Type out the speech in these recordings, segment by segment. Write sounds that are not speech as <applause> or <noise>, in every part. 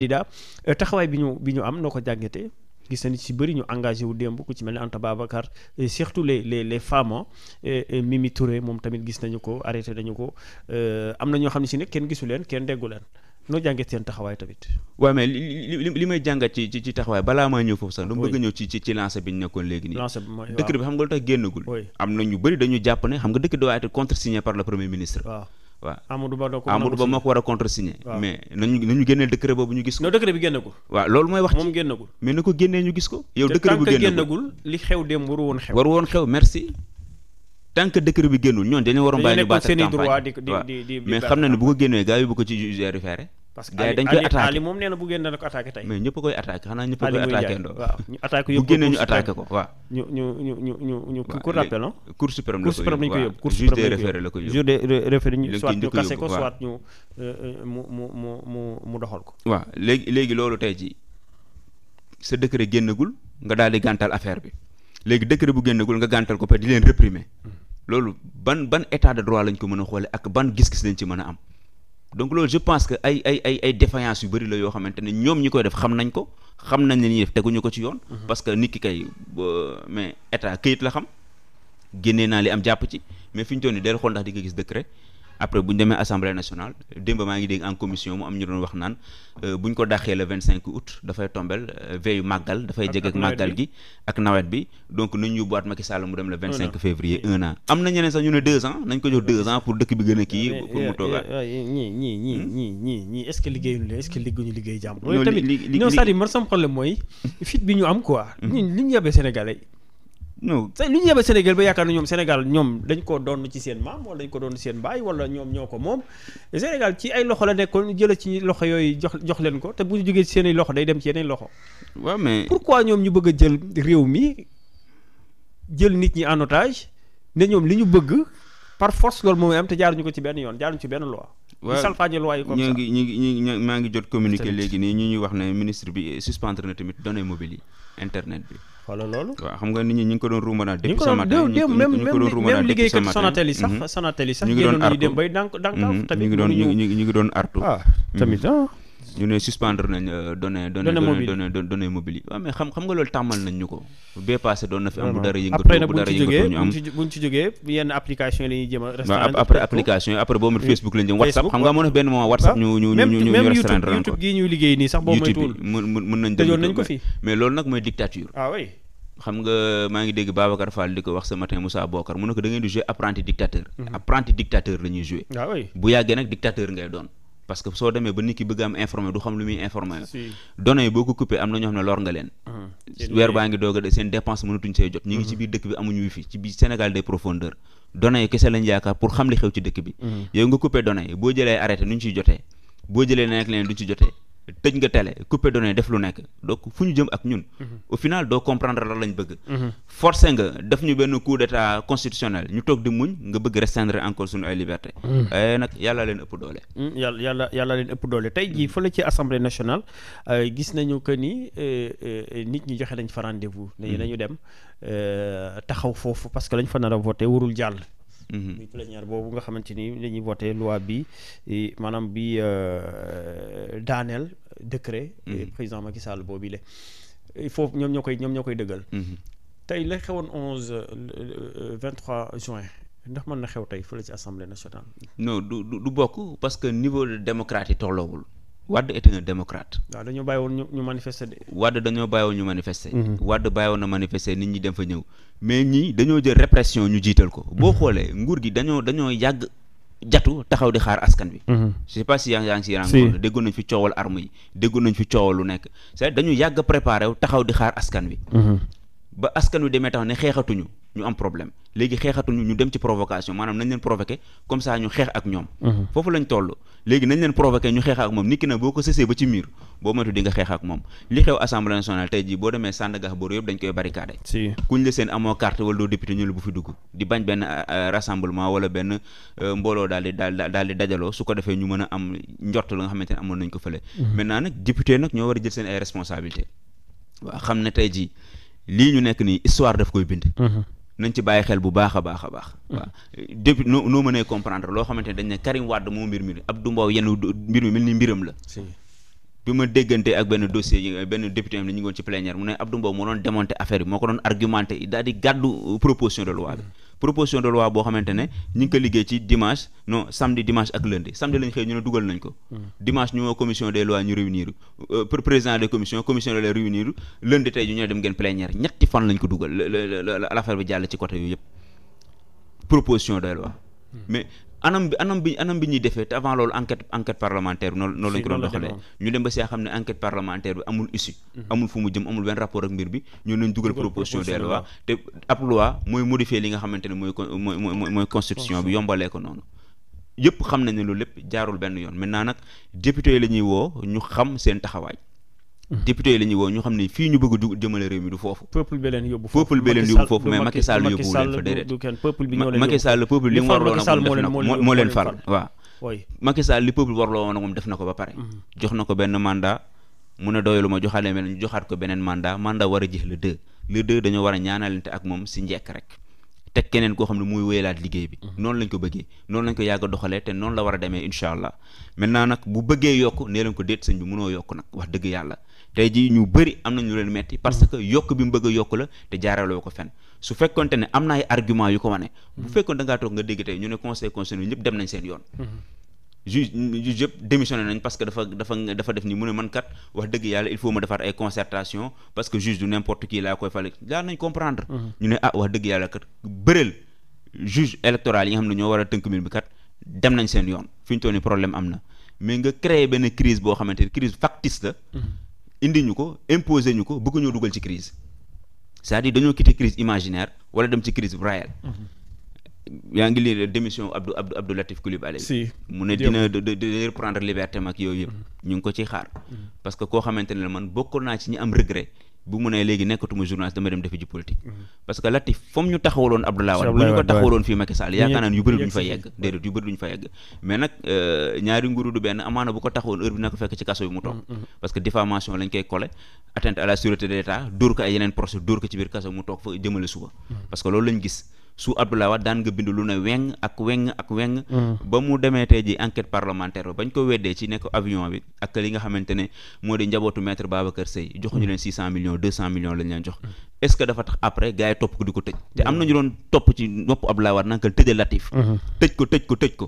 candidat euh, taxawaay bi ñu bi ñu am noo ko jàngatee gis na nañu ci bëri ñu engagé wu démb ku ci mel ne Anta Babacar surtout les les les femmes Mimi Touré moom tamit gis nañu ko arrêté nañu ko euh, am na ñoo xam ne si ne kenn gisu leen kenn déggu leen noo jàngat seen taxawaay tamit. waaw mais li li may jàngat ci ci taxawaay balaa maa ñëw foofu sax. dama bëgg a ñëw ci ci ci lancé bi ñu nekkoon léegi nii. lancé bi dëkk bi xam nga lu tax génnagul. am ñu bëri dañu jàpp ne xam nga dëkk bi doit être waaw Amadou Ba doo ko Amadou Ba moo ko war a contresigner mais nañu nañu génneel décret boobu ñu gis ko non loolu mooy wax mais na ko génnee ñu gis ko yow décret bi génnagul li xew démb waru woon xew woon xew merci tant que bi génnul ñoon dañu waroon bàyyi ñu baat campagne mais ne bu ko génnee yi bu ko parce que dañ koy attaqué moom nee na bu génne dana ko attaqué tey mais ñëpp koy attaqué xanaa ñëpp koy attaqué ndoo waaw ñu attaqué yóbbu bu ñu attaqué ko waaw ñu ñu ñu ñu ñu ñu cour d'appel ñu kase ko soit ñu euh, euh, mu mu mu mu doxal ko waaw léegi léegi loolu tey ji sa décret génnagul nga daal di gàntal affaire bi léegi décret bu génnagul nga gàntal ko peut di leen réprimer mm. loolu ban ban état de droit lañ ko mën a xoole ak ban gis-gis lañ ci mën a am donc loolu je pense que ay ay ay ay yu bëri la yoo xamante ne ñoom ñi koy def xam nañ ko xam nañ ne ñuy def teguñu ko ci yoon. Mhm. parce que nit ki kay mais état këyit la xam génnee naa li am jàpp ci mais fi ñu toll nii del xool ndax di nga gis rek après bu ñu demee assemblée nationale démb maa ngi dégg en commission mu am ñu doon wax naan euh, bu ñu ko daxee le vingt cinq août dafay tombel euh, veillu màggal dafay jege ak màggal gi ak nawet bi donc nañu yóbbuwaat Macky Sall mu dem le vingt cinq février un an am na ñeneen sax ñu ne deux ans nañ ko jox deux ans pour dëkk bi gën a kii pour mu euh, toogaat ñii ñi ñii ñii ñii hmm? ñii est ce que liggéeyuñu leen est liggéey jàmm loolu tamit non c'est-à-dire problème mooy <laughs> fit bi ñu am quoi hmm. non te li ñu yebal Sénégal ba yaakaar na ñoom Sénégal ñoom dañ ko doon ci seen maam wala dañ ko doon seen baay wala ñoom ñoo ko moom Sénégal ci ay loxo la nekkoon jëla ci loxo yooyu jox jox leen ko te bu ñu jógee ci seen loxo day dem ci yeneen loxo. waaw mais pourquoi ñoom ñu bëgg jël réew mi jël nit ñi en otage ne ñoom li ñu bëgg par force loolu moom am te jaaruñu ko ci benn yoon jaaruñu ci benn loi. waaw salfaañe loi yi comme ça ñu maa ngi jot communiqué léegi nii ñu ñuy wax ne ministre bi suspendre na tamit données mobiles yi internet bi wala loolu waaw xam nga nit ñi ñu ngi ko doon ruumanaat depuis ce matin ñu ngi doon même même même liggéeykat ngi doon artu dem bay dànk tamit mhm. ñu ngi doon ñu ngi doon artu ah tamit mhm. ah. ñu ne suspendre nañ euh, données données mobile yi waaw mais xam xam nga loolu tàmmal nañ ko bee passé doon fi am bu dara yëngatu bu dara yëngatu ñu am a restreindre après application yi après boo mu Facebook lañ jëm xam nga amoon na benn moment WhatsApp ñu mais loolu nag mooy dictature ah xam nga maa ngi dégg Babacar Fall di ko wax ce matin Bokar mu ne ko da di jouer apprenti dictateur mhm. apprenti dictateur la ñuy ah bu yàggee nag dictateur ngay doon parce que soo demee ba nit ki bëgg am informé du xam lu muy informé données yi boo ko coupé am na ñoo xam ne lor nga leen weer baa ngi doog a de seen dépense mënatuñ say jot ñu ngi ci mhm. biir dëkk bi amuñu wifi ci biir Sénégal des profondeurs données kese lañ yaakaar pour xam li xew ci dëkk bi mhm. yow nga coupé données boo jëlee arrêté nu ñu ciy jotee boo jëlee leneen ak leneen duñ ci jotee tëj nga télé coupé données def lu nekk donc fu ñu jëm ak ñun. Mhm. au final doo comprendre lan lañ bëgg. Mhm. forcé nga def ñu benn coup d'état constitutionnel ñu toog di muñ nga bëgg restreindre encore suñu ay liberté. Mhm. Eh, nag yàlla leen ëpp doole. yàlla yàlla leen ëpp doole tey jii fële ci assemblée nationale euh, gis nañu que ni euh, euh, nit ñi joxe nañ fa rendez nañu dem taxaw foofu parce que fa nar a warul jàll. Mm-hmm. muy plénière boobu nga xamante ni dañuy voté loi bi maanaam bi euh, daaneel décret. Mm-hmm. président Macky Sall boobu la il faut ñoom ñoo koy ñoom ñoo koy dëggal. Mm-hmm. tey la xewoon euh, euh, vingt trois juin. ndax mën na xew tey fële ci assemblée nationale. non du du bokk parce que niveau de démocratie tolloowul. Wade était un démocrate. waaw dañoo bàyyi woon ñu ñu manifester de. Wade dañoo bàyyi woon ñu manifester. Mhm. Wade bàyyi woon na manifester nit ñi dem fa ñëw mais ñii dañoo jël repression ñu jiital ko. boo mhm. xoolee nguur gi dañoo dañoo yàgg jatu taxaw di xaar askan bi mhm. je sais pas si yaa ngi si yaa déggoon nañ fi coowal arme yi déggoon nañ fi coowal lu nekk c'est dañu yàgg préparé wu taxaw di xaar askan wi. ba askan wi demee tax ne xeexatuñu ñu am problème léegi xeexatuñu ñu dem ci provocation maanaam nañ leen provoqué comme ça ñu xeex ak ñoom mhm. foofu lañ toll léegi nañ leen provoqué ñu xeex ak moom nit boo ko sësee ba ci miir boo moytu di nga xeex ak moom li xew assemblée nationale tey jii boo demee ñu la bu fi dugg di bañ benn euh, euh, rassemblement euh, mbooloo daal di dajaloo su ko defee ñu mën a am njort la nga xamante ne amoon nañ ko fële mhm. maintenant nag député nag ñoo war a jël seen ay responsabilité lii ñu nekk nii histoire daf koy bind. Mhm. nañ ci bàyyi xel bu baax a baax a baax. Mhm. waaw depuis noo noo mënee comprendre loo xamante ne dañ ne Karim Wade moo mbir mi Abdou Mbow yenn mbir mi mel ni mbiram la. bi ma déggante ak benn dossier yi benn député am ñu ngi woon ci plénière mu ne Abdou Mbow moo doon démonter affaire bi moo ko doon argumenté daal di gàddu proposition de loi proposition de loi boo xamante ne ñu ngi ko liggéey ci dimanche non samedi dimanche ak lundi samedi lañ xëy ñu ne dugal nañ ko. Hmm. dimanche ñu woo commission des lois ñu réunir euh, pour président des commissions commission de la réunir lundi tey ñu ne dem ngeen plénière ñetti fan lañ ko dugal l'affaire bi jàll ci côté yooyu yëpp proposition de loi. Hmm. mais anam bi anam bi anam bi ñuy defee te avant loolu enquête enquête parlementaire bi noonu noonu lañ ko doon doxalee ñu dem ba see xam ne enquête parlementaire bi amul issue mhm. amul fu mu jëm amul benn rapport ak mbir bi ñu nañ dugal proposition de loi te ab loi mooy modifier li nga xamante ne mooy mooy mooy mooy constitution bi yombalee ko noonu yëpp xam nañ ne loolu lépp jaarul benn yoon maintenant nag député yi la ñuy woo ñu xam seen taxawaay Mhm. député yi la ñuy woo ñu xam ne fii ñu bëgg a jëmale réew mi du foofu. peuple bi leen yóbbu foofu peuple bi leen yóbbu foofu mais Macky Sall yóbbu leen fa déedéet ak moom def na ko ba pare mhm. jox na ko benn mandat mu ne doyalu ma joxaale mel joxaat ko beneen mandat mandat war a jeex le deux le deux dañoo war a ñaanalante ak moom si njekk rek teg keneen koo xam ne muy wéyalaat liggéey bi mhm. noonu lañ ko bëggee noonu lañ ko yàgg a doxalee te noonu la war a demee incha allah maintenant nag bu bëggee yokk nee leen ko déet sëñ bi mënoo yokk nag wax dëgg yàlla tey jii ñu bëri am nañu leen metti mm. parce que yokk bi mu bëgg yokk la te jaaraloo ko fenn su fekkonte ne am na ay argument yu ko wane bu mm. fekkoon da ngaa toog nga dégg tey ñu ne conseil constitutionnel ñëpp dem nañ seen yoon mm-hmm. juge juge yëpp démissionné nañ parce que dafa dafa dafa def ni mu ne man kat wax dëgg yàlla il faut ma defaat que juge du n'importe qui laa koy fale laa nañ comprendre mm-hmm. ñu ne ah wax dëgg yàlla kat bëreel juge électoral yi nga xam ne ñoo war a tënk mbir bi kat dem nañ seen yoon fi ñu toll ni problème am na mais nga crée benn crise boo xamante ni crise factice indi ñu ko imposer ñu ko bëgg ñoo dugal ci crise c'est-à-dire dañoo quitter crise imaginaire wala dem ci crise bu réel mhm. yaa ngi lire démission Abdou Abdou Abdou Latif Coulibaly si mu ne dina dina reprendre liberté mag yooyu yëpp mhm. ñu ngi ko ciy xaar mhm. parce koo xamante ne man bokkoon naa ci ñi am regret bu mu nee léegi nekkatuma journaliste dama dem defi ji politique mhm. parce que Latif fomm ñu taxawaloon Abdoulaye Wade bu ñu ko taxawaloon fii Macky Sall yaakaar naa ne yu bëri duñ fa yegg déedéet yu bëri duñ fa yegg mais nag euh, ñaari nguuru du benn amaana bu ko taxawoon heure bi na ko fekk ci kaso bi mu toog mhm, mhm. parce que diffamation lañ koy collé atteinte à la sûreté de l'État dóor ko ay yeneen procès dóor ko ci biir kaso mu toog fa jëmale suba parce que loolu lañ gis su Abdoulaye Wade daan nga bind lu ne weng ak weng ak weng mm. ba mu demee tey ji enquête parlementaire ba bañ ko weddee ci nekk avion bi ak li nga xamante ne moo di njabootu maître Babacar Seye mm. joxuñu leen six cent millions deux cent millions lañ leen jox mm. est ce que dafa tax après gars topp ko di ko tëj te am nañu doon topp ci nopp Abdoulaye Wade nankal tëjal Latif mm-hmm. tëj ko tëj ko tëj ko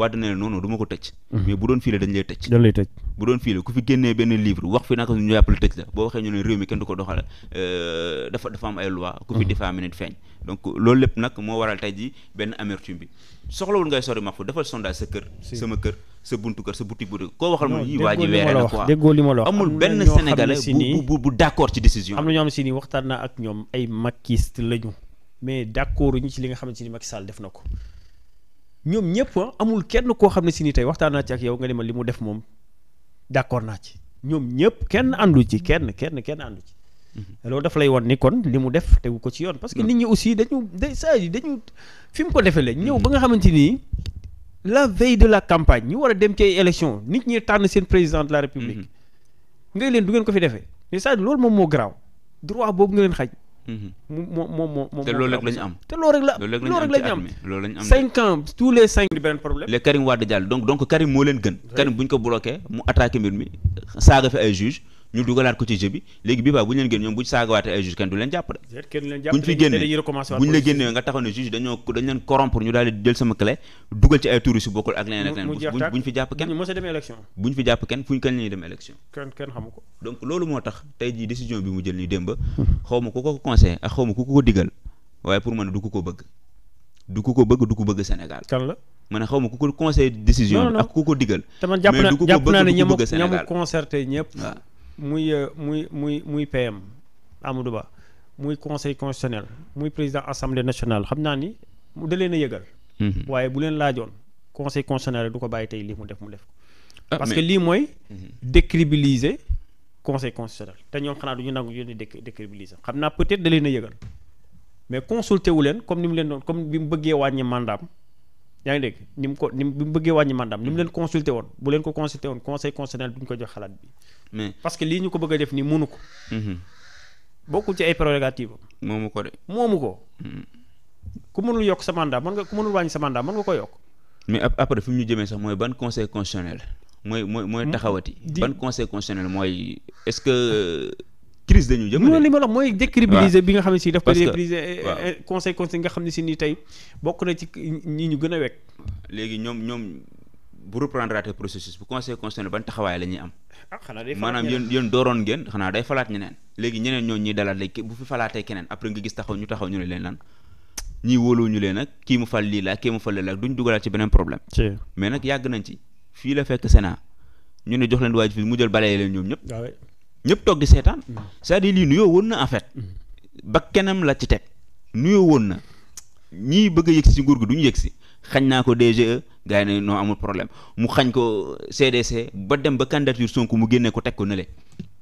waa dana ne non non ma ko tëj mhm. mais bu doon fii la dañ lay tëj dañ lay tëj bu doon fii la ku fi génnee benn livre wax fi naka ñu yàppal tëj la boo waxee ñu ne réew mi kenn du ko doxal euh, dafa dafa ay loi ku fi mhm. diffamé nit loolu lépp nag moo waral tey ji benn amertume bi soxlawul ngay sori Mahfouz defal sondage sa kër sama kër sa buntu kër sa boutique boutique koo waxal mu yii waa ji weere na quoi déggoo amul benn sénégalais bu bu bu d'accord ci décision am na ñoo xam si ni waxtaan naa ak ñoom ay makiste lañu mais d'accord ñu ci li nga xamante ni Macky Sall def na ko ñoom ñëpp ah, amul kenn koo xam ne si ni tey waxtaan naa ci ak yow nga ne ma li mu def moom d'accord naa ci ñoom ñëpp kenn àndu ci kenn kenn kenn àndu ci. Mm-hmm. loolu dafa lay won ni kon li mu def tegu ko ci yoon. parce que mm-hmm. nit ñi aussi dañu day saa yi dañu fi mu ko defe la ñëw ba nga xamante ni la veille de la campagne ñu war a dem ci ay nit ñi tànn seen président de la république. Mm-hmm. ngay leen du ngeen ko fi defee mais saa loolu moom moo garaaw droit boobu nga leen xaj. moom mm-hmm. moom moo moom. te loolu rek la ñu am te loolu rek la loolu am loolu la am cinq ans tous les cinq. di benn problème jàll donc donc Karim moo leen gën. Karim bu ko bloqué mu attaqué mbir mi saaga fi ay juge ñu dugalaat ko ci jeu bi léegi bii baa bu ñu leen génn ñoom bu ñu saagawaatee ay juge kenn du leen jàpp de bu fi génnee bu la génnee nga taxaw ne juge dañoo dañ leen corrompre ñu daal jël sama clé dugal ci ay touriste bokkul ak leneen ak leneen bu fi jàpp kenn bu fi jàpp kenn fu ñu kañ la ñuy dem donc loolu moo tax tey jii décision bi mu jël ni démb xaw ma ku ko conseil ak xaw ma ku ko digal waaye pour man du ku ko bëgg du ko bëgg du ne xaw ma ku ko conseil décision ak ku bëgg du Euh, muy muy muy muy PM Amadou Ba muy conseil constitutionnel muy président assemblée nationale xam naa ni mu da leen a yëgal. Mhm. waaye bu leen laajoon conseil constitutionnel du ko bàyyi tey lii mu def mu def. Ah, parce que lii mooy. Mhm. décrédibiliser conseil constitutionnel te ñoom xanaa du ñu nangu ñu ne décrédibiliser xam naa peut-être da leen a yëgal mais consulté wu leen comme ni mu leen doon comme bi mu bëggee wàññi mandaam yaa ngi dégg ni mu ko ni mu bi mu bëggee wàññi mandaam ni mu leen consulté woon bu leen ko consulté ko jox xalaat bi. mais parce que lii ñu ko bëgg a def nii munu ko. Mhm. bokkul ci ay prérogative am. moomu ko de. moomu ko. Mhm. ku mënul yokk sa mandat mën nga ku mënul wàññi sa mandat mën nga ko yokk. mais après fi mu ñu jëmee sax mooy ban conseil constitutionnel. mooy mooy mooy hmm? taxawati. ban conseil constitutionnel mooy est-ce que. Euh, crise dañu jëm non li ma la wax mooy bi nga xam ne si daf ko décrédibiliser euh, euh, conseil conseil nga xam ne si nii tey bokk na ci ñi ñu gën a wekk léegi ñoom ñoom bu reprendre processus bu conseil constitutionnel ban taxawaay la ñuy am. ah maanaam yéen yéen dooroon ngeen xanaa day falaat ñeneen. léegi ñeneen ñooñu ñuy dalaat léegi bu fi falaatee keneen après nga gis taxaw ñu taxaw ñu ne leen lan ñii wóoluwuñu leen nag kii mu fal lii laa kii mu fal lii laa duñ dugalaat ci beneen problème. mais nag yàgg nañ ci fii la fekk Sénat ñu ne jox leen waaj fi mu jël balee leen ñoom ñëpp. waaw ah ñëpp toog di seetaan. Mm. c'est-à-dire lii nuyoo woon na en fait. Mm. ba kenam la ci teg nuyoo woon na ñii bëgg a yëg si nguur gi du ñu yëg si xañ naa ko DGE gars yi noo amul problème mu xañ ko CDC ba dem ba candidature Sonko mu génne ko teg ko nële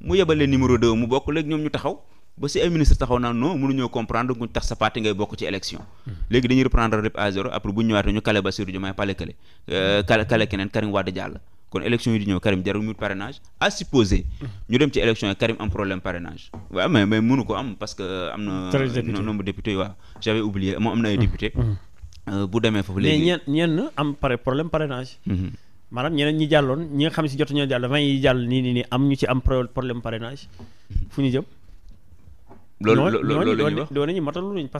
mu yebal leen numéro 2 mu bokk léegi ñu taxaw ba si ay ministre taxaw naa non mënuñoo comprendre ku tax sa parti ngay bokk ci élection hmm. léegi dañuy reprendre lépp à zéro après bu ñu ñëwaatee ñu kale Bassirou Diomaye pale euh, kale keneen Karim Wade jàll kon élection yi di ñëw Karim mu parrainage à supposer. ñu dem ci élection am problème parrainage waaw mais mais ko am parce que euh, am na. député yi waaw j'avais oublié am na ay député euh, bu demee foofu léegi mais ñenn am pare problème parrainage. maanaam ñeneen ñi jàlloon ñi nga xam si jotuñu jàll vingt yi jàll nii nii am ñu ci am problème parrainage fu ñu jëm. loolu loolu la ñuy wax